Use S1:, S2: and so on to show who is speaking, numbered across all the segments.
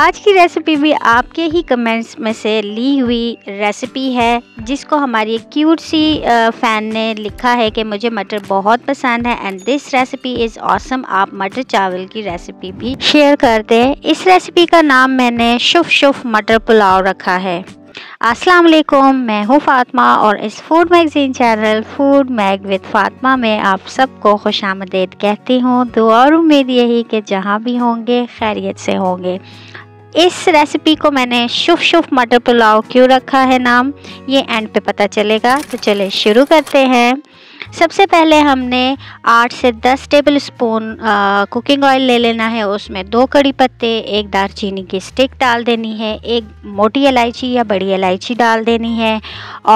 S1: आज की रेसिपी भी आपके ही कमेंट्स में से ली हुई रेसिपी है जिसको हमारी क्यूट सी फ़ैन ने लिखा है कि मुझे मटर बहुत पसंद है and this recipe is awesome आप मटर चावल की रेसिपी भी शेयर कर दें इस रेसिपी का नाम मैंने शुफ शुफ मटर पुलाव रखा है अस्सलाम वालेकुम मैं हूँ फातिमा और इस food magazine channel food mag with Fatima में आप सबको खुश आमदेद कहती हूँ दुआ और उम्मीद यही कि जहाँ भी होंगे खैरियत से होंगे इस रेसिपी को मैंने शुभ शुभ मटर पुलाव क्यों रखा है नाम ये एंड पे पता चलेगा तो चले शुरू करते हैं सबसे पहले हमने 8 से 10 टेबल स्पून कुकिंग ऑयल ले लेना है उसमें दो कड़ी पत्ते एक दालचीनी की स्टिक डाल देनी है एक मोटी इलायची या बड़ी इलायची डाल देनी है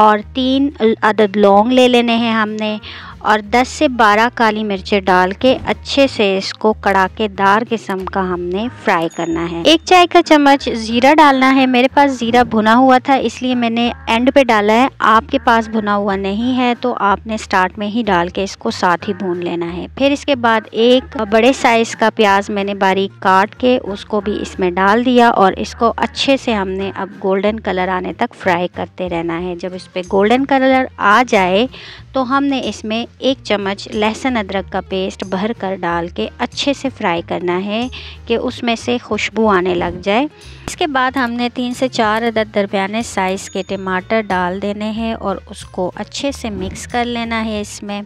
S1: और तीन अदद लौंग ले लेने हैं हमने और 10 से 12 काली मिर्चें डाल के अच्छे से इसको कड़ाकेदार किस्म का हमने फ्राई करना है एक चाय का चम्मच ज़ीरा डालना है मेरे पास ज़ीरा भुना हुआ था इसलिए मैंने एंड पे डाला है आपके पास भुना हुआ नहीं है तो आपने स्टार्ट में ही डाल के इसको साथ ही भून लेना है फिर इसके बाद एक बड़े साइज़ का प्याज मैंने बारीक काट के उसको भी इसमें डाल दिया और इसको अच्छे से हमने अब गोल्डन कलर आने तक फ्राई करते रहना है जब इस पर गोल्डन कलर आ जाए तो हमने इसमें एक चम्मच लहसुन अदरक का पेस्ट भर कर डाल के अच्छे से फ्राई करना है कि उसमें से खुशबू आने लग जाए इसके बाद हमने तीन से चार अदद दरमियाने साइज़ के टमाटर डाल देने हैं और उसको अच्छे से मिक्स कर लेना है इसमें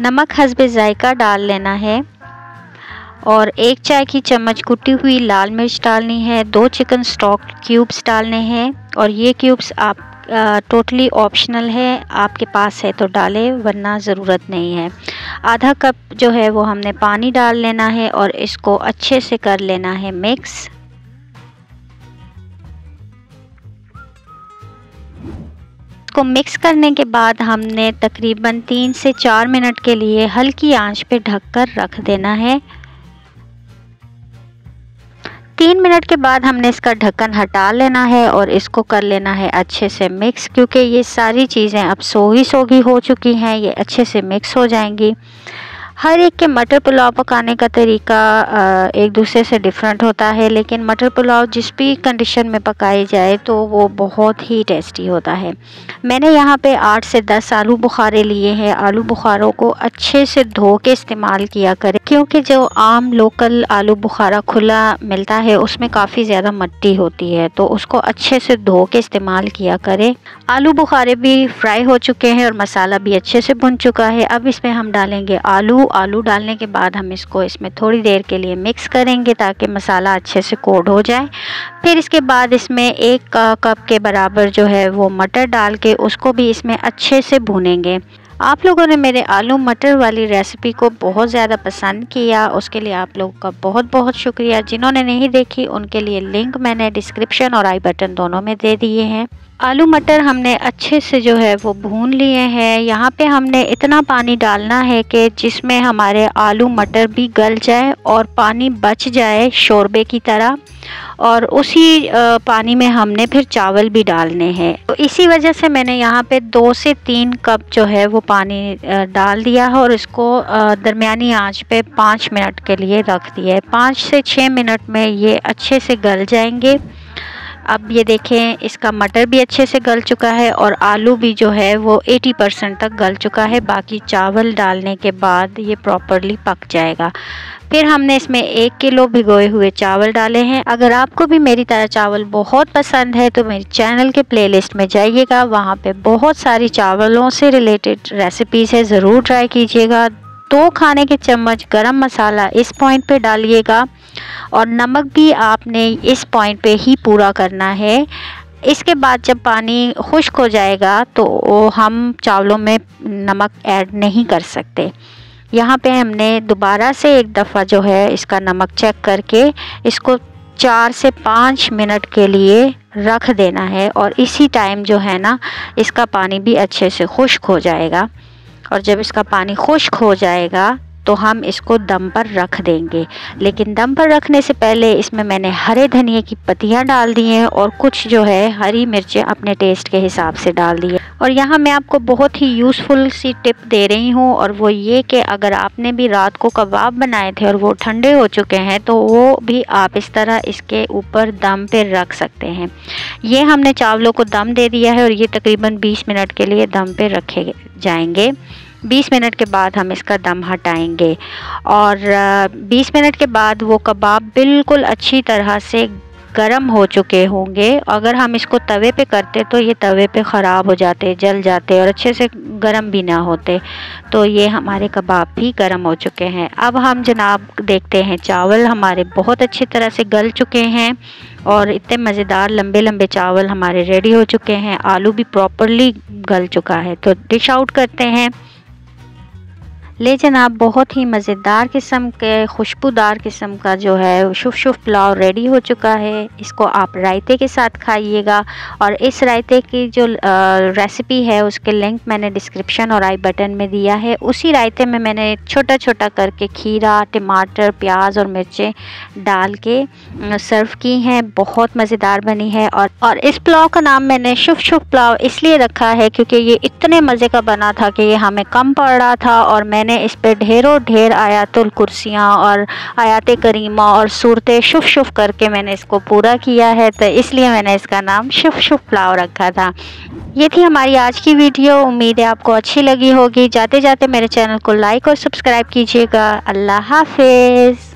S1: नमक हसब ज़ायका डाल लेना है और एक चाय की चम्मच कुटी हुई लाल मिर्च डालनी है दो चिकन स्टॉक क्यूब्स डालने हैं और ये क्यूब्स आप टोटली ऑप्शनल है आपके पास है तो डालें वरना ज़रूरत नहीं है आधा कप जो है वो हमने पानी डाल लेना है और इसको अच्छे से कर लेना है मिक्स को मिक्स करने के बाद हमने तकरीबन तीन से चार मिनट के लिए हल्की आंच पे ढककर रख देना है तीन मिनट के बाद हमने इसका ढक्कन हटा लेना है और इसको कर लेना है अच्छे से मिक्स क्योंकि ये सारी चीज़ें अब सोगी सोगी हो चुकी हैं ये अच्छे से मिक्स हो जाएंगी हर एक के मटर पुलाव पकाने का तरीका एक दूसरे से डिफरेंट होता है लेकिन मटर पुलाव जिस भी कंडीशन में पकाई जाए तो वो बहुत ही टेस्टी होता है मैंने यहाँ पे आठ से दस आलू बुखारे लिए हैं आलू बुखारों को अच्छे से धो के इस्तेमाल किया करें क्योंकि जो आम लोकल आलू बुखारा खुला मिलता है उसमें काफ़ी ज़्यादा मट्टी होती है तो उसको अच्छे से धो के इस्तेमाल किया करें आलू बुखारे भी फ्राई हो चुके हैं और मसाला भी अच्छे से भुन चुका है अब इसमें हम डालेंगे आलू आलू डालने के बाद हम इसको इसमें थोड़ी देर के लिए मिक्स करेंगे ताकि मसाला अच्छे से कोड हो जाए फिर इसके बाद इसमें एक कप के बराबर जो है वो मटर डाल के उसको भी इसमें अच्छे से भूनेंगे आप लोगों ने मेरे आलू मटर वाली रेसिपी को बहुत ज़्यादा पसंद किया उसके लिए आप लोगों का बहुत बहुत शुक्रिया जिन्होंने नहीं देखी उनके लिए लिंक मैंने डिस्क्रिप्शन और आई बटन दोनों में दे दिए हैं आलू मटर हमने अच्छे से जो है वो भून लिए हैं यहाँ पे हमने इतना पानी डालना है कि जिसमें हमारे आलू मटर भी गल जाए और पानी बच जाए शोरबे की तरह और उसी पानी में हमने फिर चावल भी डालने हैं तो इसी वजह से मैंने यहाँ पे दो से तीन कप जो है वो पानी डाल दिया है और इसको दरमियानी आंच पे पाँच मिनट के लिए रख दिया है पाँच से छः मिनट में ये अच्छे से गल जाएंगे अब ये देखें इसका मटर भी अच्छे से गल चुका है और आलू भी जो है वो 80 परसेंट तक गल चुका है बाकी चावल डालने के बाद ये प्रॉपरली पक जाएगा फिर हमने इसमें एक किलो भिगोए हुए चावल डाले हैं अगर आपको भी मेरी तरह चावल बहुत पसंद है तो मेरे चैनल के प्लेलिस्ट में जाइएगा वहाँ पे बहुत सारी चावलों से रिलेटेड रेसिपीज़ है ज़रूर ट्राई कीजिएगा दो खाने के चम्मच गरम मसाला इस पॉइंट पे डालिएगा और नमक भी आपने इस पॉइंट पे ही पूरा करना है इसके बाद जब पानी खुश्क हो जाएगा तो हम चावलों में नमक ऐड नहीं कर सकते यहाँ पे हमने दोबारा से एक दफ़ा जो है इसका नमक चेक करके इसको चार से पाँच मिनट के लिए रख देना है और इसी टाइम जो है ना इसका पानी भी अच्छे से खुश्क हो जाएगा और जब इसका पानी खुश्क हो जाएगा तो हम इसको दम पर रख देंगे लेकिन दम पर रखने से पहले इसमें मैंने हरे धनिए की पत्तियाँ डाल दी हैं और कुछ जो है हरी मिर्चें अपने टेस्ट के हिसाब से डाल दी है और यहाँ मैं आपको बहुत ही यूज़फुल सी टिप दे रही हूँ और वो ये कि अगर आपने भी रात को कबाब बनाए थे और वो ठंडे हो चुके हैं तो वो भी आप इस तरह इसके ऊपर दम पे रख सकते हैं ये हमने चावलों को दम दे दिया है और ये तकरीबन 20 मिनट के लिए दम पे रखे जाएंगे 20 मिनट के बाद हम इसका दम हटाएंगे और 20 मिनट के बाद वो कबाब बिल्कुल अच्छी तरह से गर्म हो चुके होंगे अगर हम इसको तवे पे करते तो ये तवे पे ख़राब हो जाते जल जाते और अच्छे से गर्म भी ना होते तो ये हमारे कबाब भी गर्म हो चुके हैं अब हम जनाब देखते हैं चावल हमारे बहुत अच्छी तरह से गल चुके हैं और इतने मज़ेदार लंबे लंबे चावल हमारे रेडी हो चुके हैं आलू भी प्रॉपरली गल चुका है तो डिश आउट करते हैं ले जनाब बहुत ही मज़ेदार किस्म के खुशबूदार किस्म का जो है शुभ शुभ पुलाव रेडी हो चुका है इसको आप रायते के साथ खाइएगा और इस रायते की जो रेसिपी है उसके लिंक मैंने डिस्क्रिप्शन और आई बटन में दिया है उसी रायते में मैंने छोटा छोटा करके खीरा टमाटर प्याज और मिर्चें डाल के सर्व की हैं बहुत मज़ेदार बनी है और, और इस पुलाव का नाम मैंने शुभ शुभ पुलाव इसलिए रखा है क्योंकि ये इतने मज़े का बना था कि ये हमें कम पड़ रहा था और मैं मैंने इस पर ढेरों ढेर आयातुल कुर्सियाँ और आयात करीमा और सूरतें शुभ शुभ करके मैंने इसको पूरा किया है तो इसलिए मैंने इसका नाम शुभ शुभ फ्लाव रखा था ये थी हमारी आज की वीडियो उम्मीद है आपको अच्छी लगी होगी जाते जाते मेरे चैनल को लाइक और सब्सक्राइब कीजिएगा अल्लाह हाफिज़